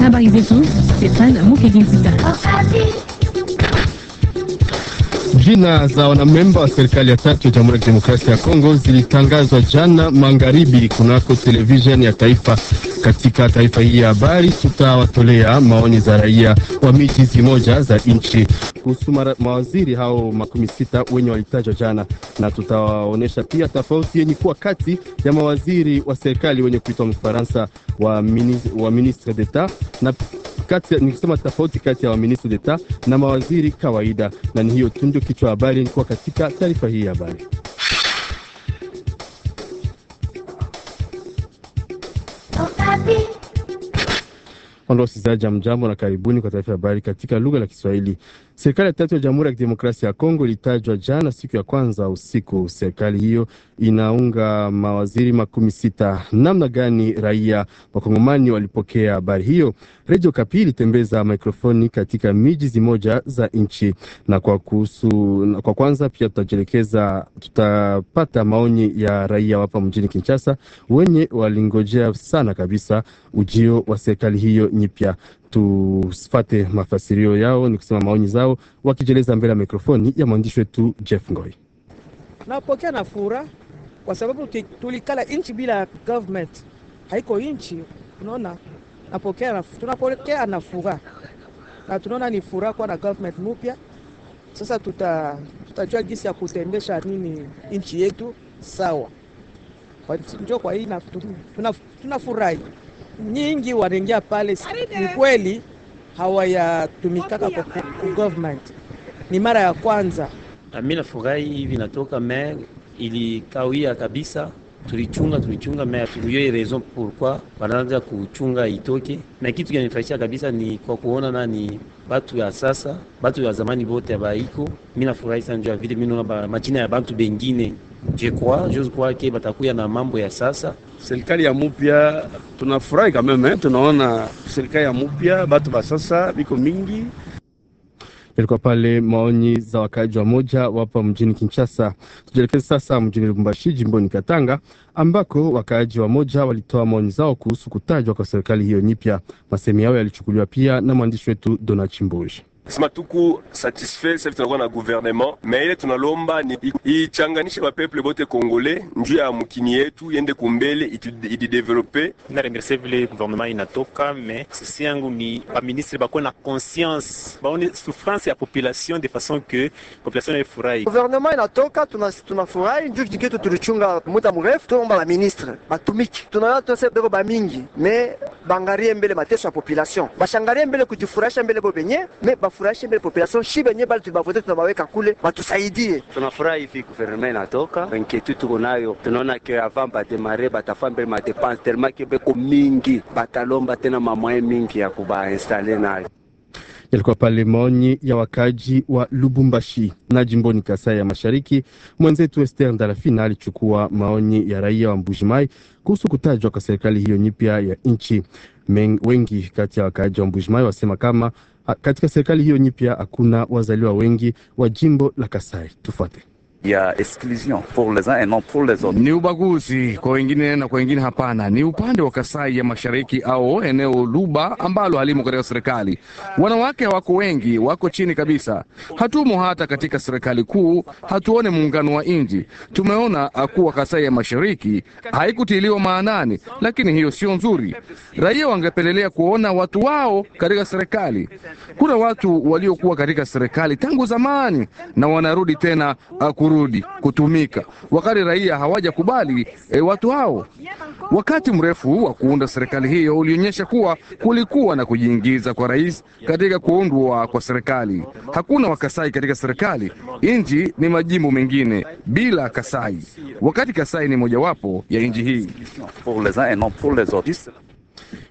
Habari zetu Stefan Mukevinzita. Jina za wanamemba wa serikali ya tatu ya Jamhuri ya Kidemokrasia ya Kongo zilitangazwa jana magharibi kunako televisheni ya taifa katika taarifa hii ya habari, tutawatolea maoni za raia wa miji hizi moja za nchi kuhusu mawaziri hao makumi sita wenye walitajwa jana, na tutawaonyesha pia tofauti yenye kuwa kati ya mawaziri wa serikali wenye kuitwa Mfaransa wa, wa ministre d'etat na kati nikisema tofauti kati ya waministri d'etat na mawaziri kawaida. Na ni hiyo tu ndio kichwa habari kuwa katika taarifa hii ya habari. Wando wasikilizaji, jamjambo na karibuni kwa taarifa ya habari katika lugha la Kiswahili. Serikali ya tatu ya Jamhuri ya Kidemokrasia ya Kongo ilitajwa jana siku ya kwanza usiku. Serikali hiyo inaunga mawaziri makumi sita. Namna gani raia wakongomani walipokea habari hiyo? Redio Kapi ilitembeza mikrofoni katika miji zimoja za nchi, na kwa kuhusu na kwa kwanza pia tutajielekeza, tutapata maoni ya raia hapa mjini Kinshasa wenye walingojea sana kabisa ujio wa serikali hiyo nyipya tufate mafasirio yao, ni kusema maoni zao wakijeleza mbele ya mikrofoni ya mwandishi wetu Jeff Ngoi. Napokea na fura kwa sababu tulikala nchi bila government, haiko nchi. Unaona, napokea tunapokea na fura na tunaona ni fura kwa na government mupya. Sasa tuta tutajua jinsi ya kutembesha nini nchi yetu sawa. Kwa, kwa hii tunafurahi tuna nyingi wanaingia pale, ni kweli hawayatumikaka kwa government, ni mara ya kwanza. Mimi nafurahi hivi natoka mer ilikawia kabisa tulichunga tulichunga mer tuliyo raison pourquoi wanaanza kuchunga itoke. Na kitu kinanifurahisha kabisa ni kwa kuona nani batu ya sasa, batu ya zamani bote abaiko. Mimi nafurahi sana juu ya vile mimi naona majina ya bantu bengine jekwa que batakuya na mambo ya sasa. Serikali ya mupya tunafurahi kameme, tunaona serikali ya mupya batu basasa biko mingi Yalikuwa pale maoni za wakaaji wa moja wapa mjini Kinshasa. Tujielekeze sasa mjini Lubumbashi, jimboni Katanga, ambako wakaaji wa moja walitoa maoni zao kuhusu kutajwa kwa serikali hiyo nyipya. Masemi yao yalichukuliwa pia na mwandishi wetu Dona Chimboji. Sema tuku satisfait sasa tunakuwa na gouvernement me ile tunalomba ni ichanganishe wa peuple bote kongole njuu ya mkini yetu yende kumbele ididevelope. remercier vile gouvernement inatoka me sisi yangu ni ba ministre bakuwe na conscience baone souffrance ya population de façon que population ifurahi. Gouvernement inatoka tunafurahi njuu kiketu tulichunga muda mrefu, tunaomba ba ministre batumiki, tunaona tunasema ba mingi me bangarie mbele mateso ya population, bashangarie mbele kujifurahisha mbele bo benye me tunafurahisha mbele population shibe benye bali tulibavuta tunabaweka kule batusaidie. Tunafurahi hivi guvernema inatoka inquietude tuko nayo, tunaona ke avant bademare batafaa mbele madepense telema ke beko mingi batalomba tena mamwaye mingi ya kubainstale nayo yalikuwa pale maoni ya wakaji wa Lubumbashi na jimboni Kasai ya Mashariki. Mwenzetu Ester Ndalafina alichukua maoni ya raia wa Mbujimai kuhusu kutajwa kwa serikali hiyo nyipya ya nchi. Wengi kati ya wakaji wa Mbujimai wasema kama katika serikali hiyo nyipya hakuna wazaliwa wengi wa jimbo la Kasai. Tufuate ya exclusion pour les uns et non pour les autres. Ni ubaguzi kwa wengine na kwa wengine hapana. Ni upande wa Kasai ya Mashariki au eneo Luba ambalo halimo katika serikali. Wanawake wako wengi, wako chini kabisa. Hatumo hata katika serikali kuu, hatuone muungano wa nchi. Tumeona kuwa Kasai ya Mashariki haikutiliwa maanani, lakini hiyo sio nzuri. Raia wangependelea kuona watu wao katika serikali. Kuna watu waliokuwa katika serikali tangu zamani na wanarudi tena uh, kurudi kutumika, wakati raia hawajakubali e, watu hao. Wakati mrefu wa kuunda serikali hiyo ulionyesha kuwa kulikuwa na kujiingiza kwa rais katika kuundwa kwa serikali. Hakuna Wakasai katika serikali. Nchi ni majimbo mengine bila Kasai, wakati Kasai ni mojawapo ya nchi hii.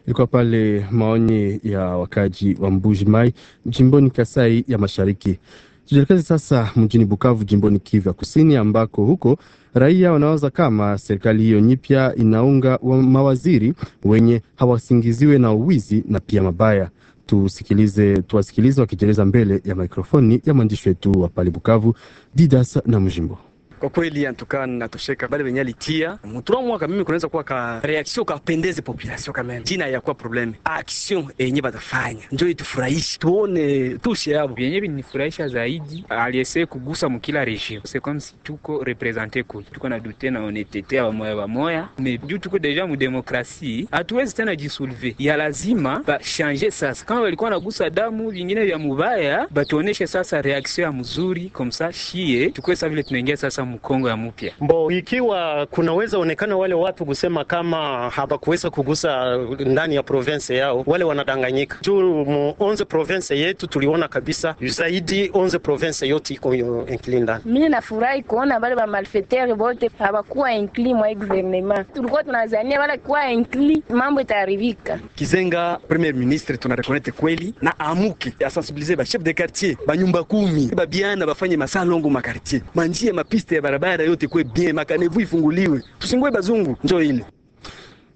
Ilikuwa pale maoni ya wakaji wa Mbuji Mai jimboni Kasai ya Mashariki. Tujielekeze sasa mjini Bukavu, jimboni Kivu ya Kusini, ambako huko raia wanawaza kama serikali hiyo nyipya inaunga mawaziri wenye hawasingiziwe na uwizi na pia mabaya. Tusikilize, tuwasikilize wakijieleza mbele ya mikrofoni ya mwandishi wetu wa pale Bukavu, Didas na Mjimbo kwa kweli antukaa natosheka bale wenye alitia mutura mwaka mimi kunaweza kuwa ka reaction kapendeze population kama jina ya kwa problem action yenye batafanya ndio itufurahishi tuone tushe yabo yenye binifurahisha zaidi aliese kugusa mkila region c'est comme si tuko represente kule tuko na dute na honetete ya moya wa moya mais juu tuko deja mu demokrasi hatuwezi tena jisolve ya lazima ba changer sasa kama walikuwa nagusa damu vingine vya mubaya batuoneshe sasa reaction ya mzuri comme ça shie tukoe vile tunaingia sasa mkongo ya mpya mbo, ikiwa kunaweza onekana wale watu kusema kama habakuweza kugusa ndani ya province yao, wale wanadanganyika juu mu onze province yetu tuliona kabisa zaidi onze province yote iko inkli ndani. Mimi nafurahi kuona wale ba malfaiteur bote habakuwa inkli mwa gouvernement. Tulikuwa tunazania wale kuwa inkli mambo itaharibika. Kizenga premier ministre tunarekonete kweli na amuke asensibilize ba chef de quartier ba nyumba kumi ba biana bafanye masalongo makartier manjie mapiste barabara yote kwe bien, makanevu ifunguliwe, tusingoe bazungu. Njoo ile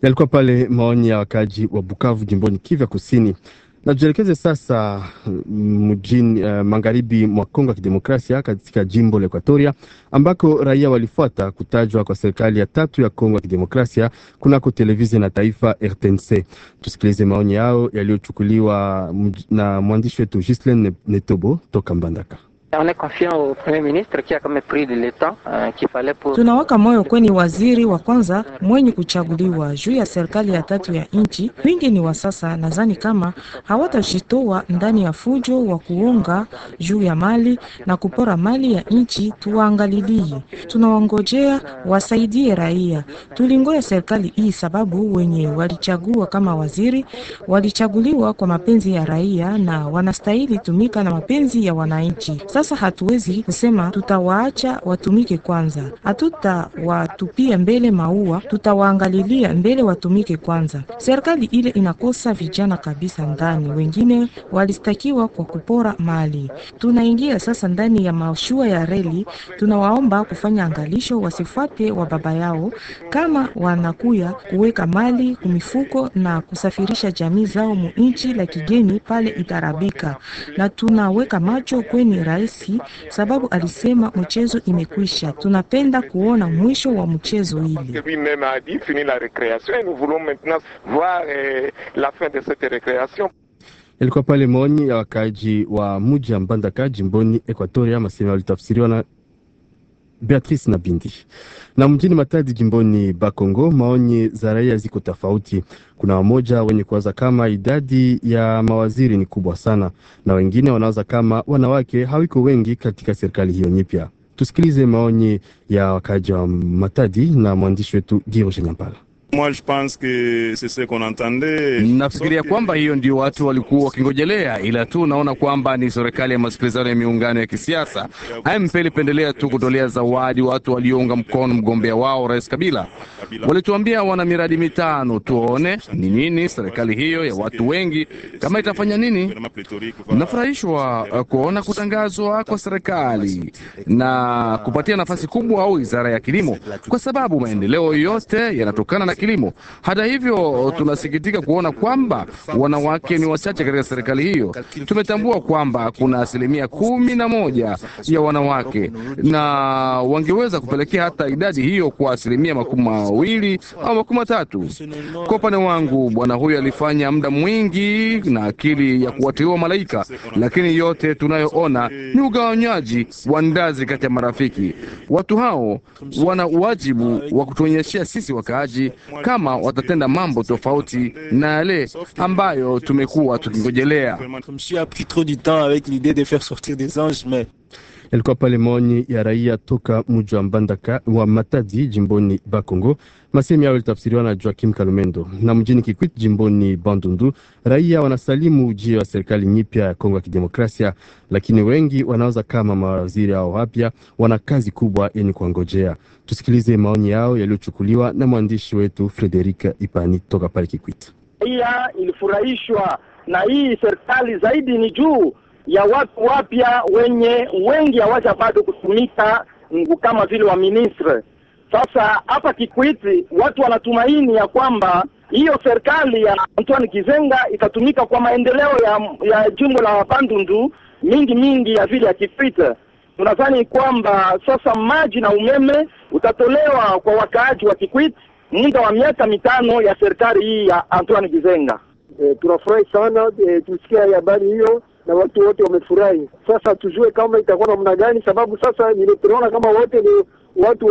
yalikuwa pale maoni ya wakaji wa Bukavu jimboni Kivu Kusini. Na tujielekeze sasa mm, mjini uh, magharibi mwa Kongo ya Kidemokrasia, katika jimbo la Ekuatoria ambako raia walifuata kutajwa kwa serikali ya tatu ya Kongo ya Kidemokrasia kunako televisheni na taifa RTNC. Tusikilize maoni yao yaliyochukuliwa mm, na mwandishi wetu Gislen Netobo toka Mbandaka. Euh, Tunawaka moyo kweni waziri wa kwanza mwenye kuchaguliwa juu ya serikali ya tatu ya nchi. Wingi ni wa sasa, nadhani kama hawatashitoa ndani ya fujo wa kuonga juu ya mali na kupora mali ya nchi. Tuwaangalilie, tunawangojea wasaidie raia. Tulingoya serikali hii sababu wenye walichagua kama waziri walichaguliwa kwa mapenzi ya raia na wanastahili tumika na mapenzi ya wananchi. Sasa hatuwezi kusema tutawaacha watumike kwanza, hatutawatupia mbele maua, tutawaangalilia mbele watumike kwanza. Serikali ile inakosa vijana kabisa ndani, wengine walistakiwa kwa kupora mali. Tunaingia sasa ndani ya mashua ya reli, tunawaomba kufanya angalisho, wasifuate wa baba yao kama wanakuya kuweka mali kumifuko na kusafirisha jamii zao muinchi la kigeni, pale itarabika, na tunaweka macho kweni rais Messi sababu alisema mchezo imekwisha, tunapenda kuona mwisho wa mchezo ile. Eh, Ilikuwa pale maoni ya wakaaji wa muji ya Mbandaka jimboni Ekuatoria, masema yalitafsiriwa na Beatrice na Bindi. Na mjini Matadi jimboni Bakongo, maoni za raia ziko tofauti. Kuna wamoja wenye kuwaza kama idadi ya mawaziri ni kubwa sana, na wengine wanawaza kama wanawake hawiko wengi katika serikali hiyo nyipya. Tusikilize maoni ya wakaaji wa Matadi na mwandishi wetu Giro Shenyampala. Nafikiria kwamba hiyo ndio watu walikuwa wakingojelea, ila tu naona kwamba ni serikali ya masikilizano ya miungano ya kisiasa. haimpeli pendelea tu kutolea zawadi watu waliounga mkono mgombea wao Rais Kabila. Walituambia wana miradi mitano, tuone ni nini serikali hiyo ya watu wengi kama itafanya nini. Nafurahishwa eh, kuona kutangazwa kwa serikali na kupatia nafasi kubwa au wizara ya kilimo, kwa sababu maendeleo yote yanatokana na kilimo. Hata hivyo, tunasikitika kuona kwamba wanawake ni wachache katika serikali hiyo. Tumetambua kwamba kuna asilimia kumi na moja ya wanawake na wangeweza kupelekea hata idadi hiyo kwa asilimia makumi mawili au makumi matatu. Kwa upande wangu, bwana huyo alifanya muda mwingi na akili ya kuwateua malaika, lakini yote tunayoona ni ugawanywaji wa ndazi kati ya marafiki. Watu hao wana wajibu wa kutuonyeshea sisi wakaaji kama watatenda mambo tofauti na yale ambayo tumekuwa tukingojelea yalikuwa pale maoni ya raia toka mji wa Mbandaka wa Matadi jimboni Bakongo. Masemi yao yalitafsiriwa na Joakim Kalumendo. Na mjini Kikwit jimboni Bandundu, raia wanasalimu ujio wa serikali nyipya ya Kongo ya Kidemokrasia, lakini wengi wanaoza kama mawaziri hao wapya wana kazi kubwa yenye kuangojea. Tusikilize maoni yao yaliyochukuliwa na mwandishi wetu Frederika Ipani toka pale Kikwit. Raia ilifurahishwa na hii serikali zaidi ni juu ya watu wapya wenye wengi hawaja bado kutumika kama vile wa ministre. Sasa hapa Kikwiti watu wanatumaini ya kwamba hiyo serikali ya Antoine Gizenga itatumika kwa maendeleo ya, ya jimbo la Bandundu mingi mingi ya vile ya Kikwiti. Tunadhani kwamba sasa maji na umeme utatolewa kwa wakaaji wa Kikwiti muda wa miaka mitano ya serikali hii ya Antoine Gizenga. E, eh, tunafurahi sana e, eh, tusikia habari hiyo na watu wote wamefurahi. Sasa tujue kama itakuwa namna gani, sababu sasa nimeona kama wote ni watu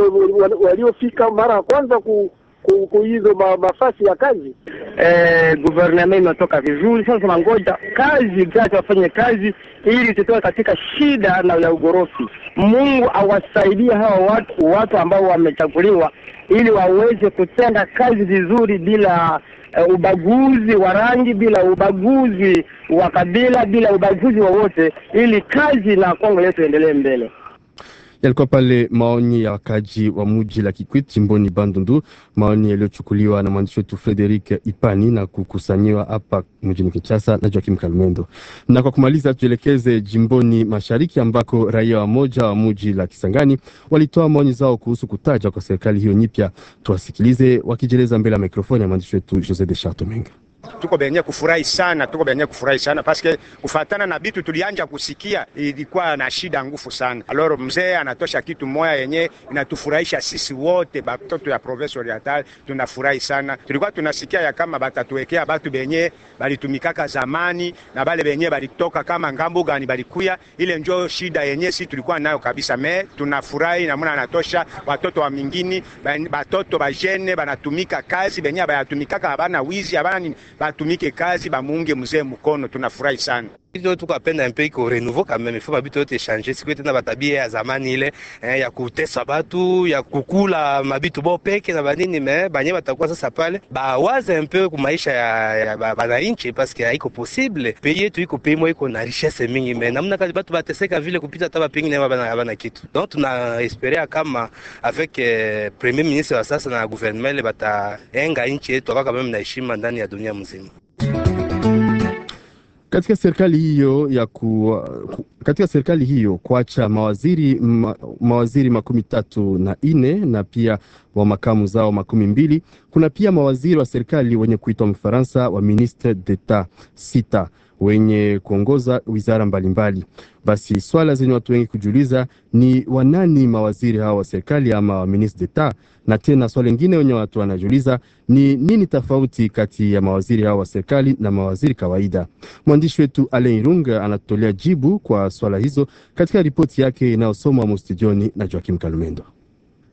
waliofika mara ya kwanza ku kuhizo ma, mafasi ya kazi eh, guverneme imetoka vizuri. Sasa tunangoja kazi gati wafanye kazi ili tutoe katika shida na ya ugorofi. Mungu awasaidie hawa watu watu ambao wamechaguliwa ili waweze kutenda kazi vizuri bila Eh, ubaguzi wa rangi, bila ubaguzi wa kabila, bila ubaguzi wowote, ili kazi na Kongo letu endelee mbele yalikuwa pale maoni ya wakaji wa muji la Kikwit jimboni Bandundu, maoni yaliyochukuliwa na mwandishi wetu Frederik Ipani na kukusanyiwa hapa mjini Kinshasa na Joakim Kalumendo. Na kwa kumaliza, tuelekeze jimboni mashariki ambako raia wamoja wa muji la Kisangani walitoa maoni zao kuhusu kutaja kwa serikali hiyo nyipya. Tuwasikilize wakijieleza mbele ya mikrofoni ya mwandishi wetu Jose de Charto tuko benye kufurahi sana, tuko benye kufurahi sana paske kufatana na bitu tulianja kusikia ilikuwa na shida ngufu sana. Aloro mzee anatosha kitu moya yenye inatufurahisha sisi wote batoto ya province oriental, tunafurahi sana. Tulikuwa tunasikia ya kama batatuwekea batu benye balitumikaka zamani na bale benye balitoka kama ngambo gani balikuya, ile njo shida yenye si tulikuwa nayo kabisa. Me tunafurahi namuna anatosha watoto wa mingini, batoto bajene banatumika kazi benye bayatumikaka, habana wizi habana nini batumike kazi, bamuunge mzee mkono. Tunafurahi sana hizo tuko apenda un pays ko renouveau quand même, ifo mabitu yote change, siku tena batabia ya zamani ile eh, ya kutesa batu ya kukula mabitu bo peke na banini me banye batakuwa sasa pale bawaze un peu ku maisha ya, ya bananchi parce que haiko possible pays yetu iko pays moyo iko na richesse mingi me namna kali batu bateseka vile kupita hata bapingi na bana bana kitu donc tuna espérer kama avec eh, premier ministre wa sasa na gouvernement ile bataenga nchi yetu akaka meme na heshima ndani ya dunia mzima katika serikali hiyo ya ku, katika serikali hiyo kuacha mawaziri ma, mawaziri makumi tatu na ine na pia wa makamu zao makumi mbili. Kuna pia mawaziri wa serikali wenye kuitwa Mfaransa wa ministre d'etat sita wenye kuongoza wizara mbalimbali mbali. Basi swala zenye watu wengi kujiuliza ni wanani mawaziri hawa wa serikali ama wa ministre d'etat, na tena swala lingine wenye watu wanajiuliza ni nini tofauti kati ya mawaziri hawa wa serikali na mawaziri kawaida. Mwandishi wetu Alain Irunga anatolea jibu kwa swala hizo katika ripoti yake inayosomwa mustijoni na Joakim Kalumendo.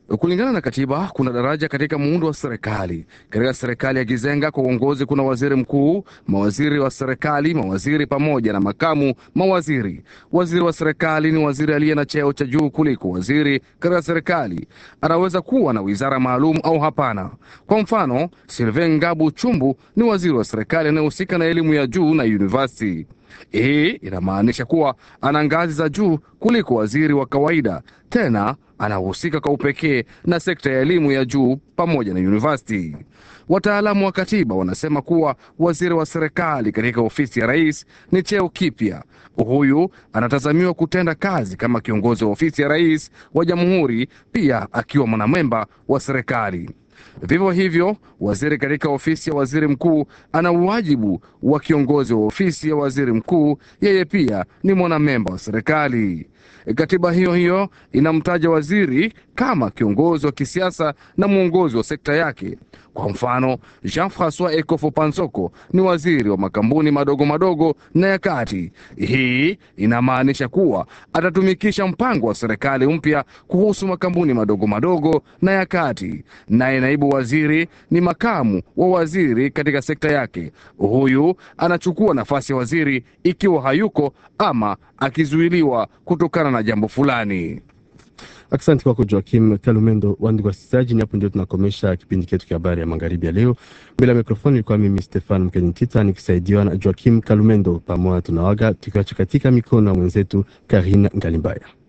Kulingana na katiba kuna daraja katika muundo wa serikali. Katika serikali ya Kizenga kwa uongozi kuna waziri mkuu, mawaziri wa serikali, mawaziri pamoja na makamu mawaziri. Waziri wa serikali ni waziri aliye na cheo cha juu kuliko waziri katika serikali. Anaweza kuwa na wizara maalum au hapana. Kwa mfano, Sylvain Ngabu Chumbu ni waziri wa serikali anayehusika na elimu ya juu na university. Hii inamaanisha kuwa ana ngazi za juu kuliko waziri wa kawaida, tena anahusika kwa upekee na sekta ya elimu ya juu pamoja na university. Wataalamu wa katiba wanasema kuwa waziri wa serikali katika ofisi ya rais ni cheo kipya. Huyu anatazamiwa kutenda kazi kama kiongozi wa ofisi ya rais wa jamhuri, pia akiwa mwanamemba wa serikali. Vivyo hivyo, waziri katika ofisi ya waziri mkuu ana uwajibu wa kiongozi wa ofisi ya waziri mkuu, yeye pia ni mwanamemba wa serikali. E, katiba hiyo hiyo inamtaja waziri kama kiongozi wa kisiasa na mwongozi wa sekta yake. Kwa mfano, Jean-Francois Ekofo Pansoko ni waziri wa makampuni madogo madogo na ya kati. Hii inamaanisha kuwa atatumikisha mpango wa serikali mpya kuhusu makampuni madogo madogo na ya kati. Naye naibu waziri ni makamu wa waziri katika sekta yake. Huyu anachukua nafasi ya waziri ikiwa hayuko ama akizuiliwa kutoka kutokana na jambo fulani. Asante kwako Joakim Kalumendo. Wandugu wasikilizaji, ni hapo ndio tunakomesha kipindi chetu cha habari ya magharibi ya leo. Mbele ya mikrofoni ilikuwa mimi Stefan Mkenyitita nikisaidiwa na Joakim Kalumendo. Pamoja tunawaga tukiwacha katika mikono ya mwenzetu Karina Ngalimbaya.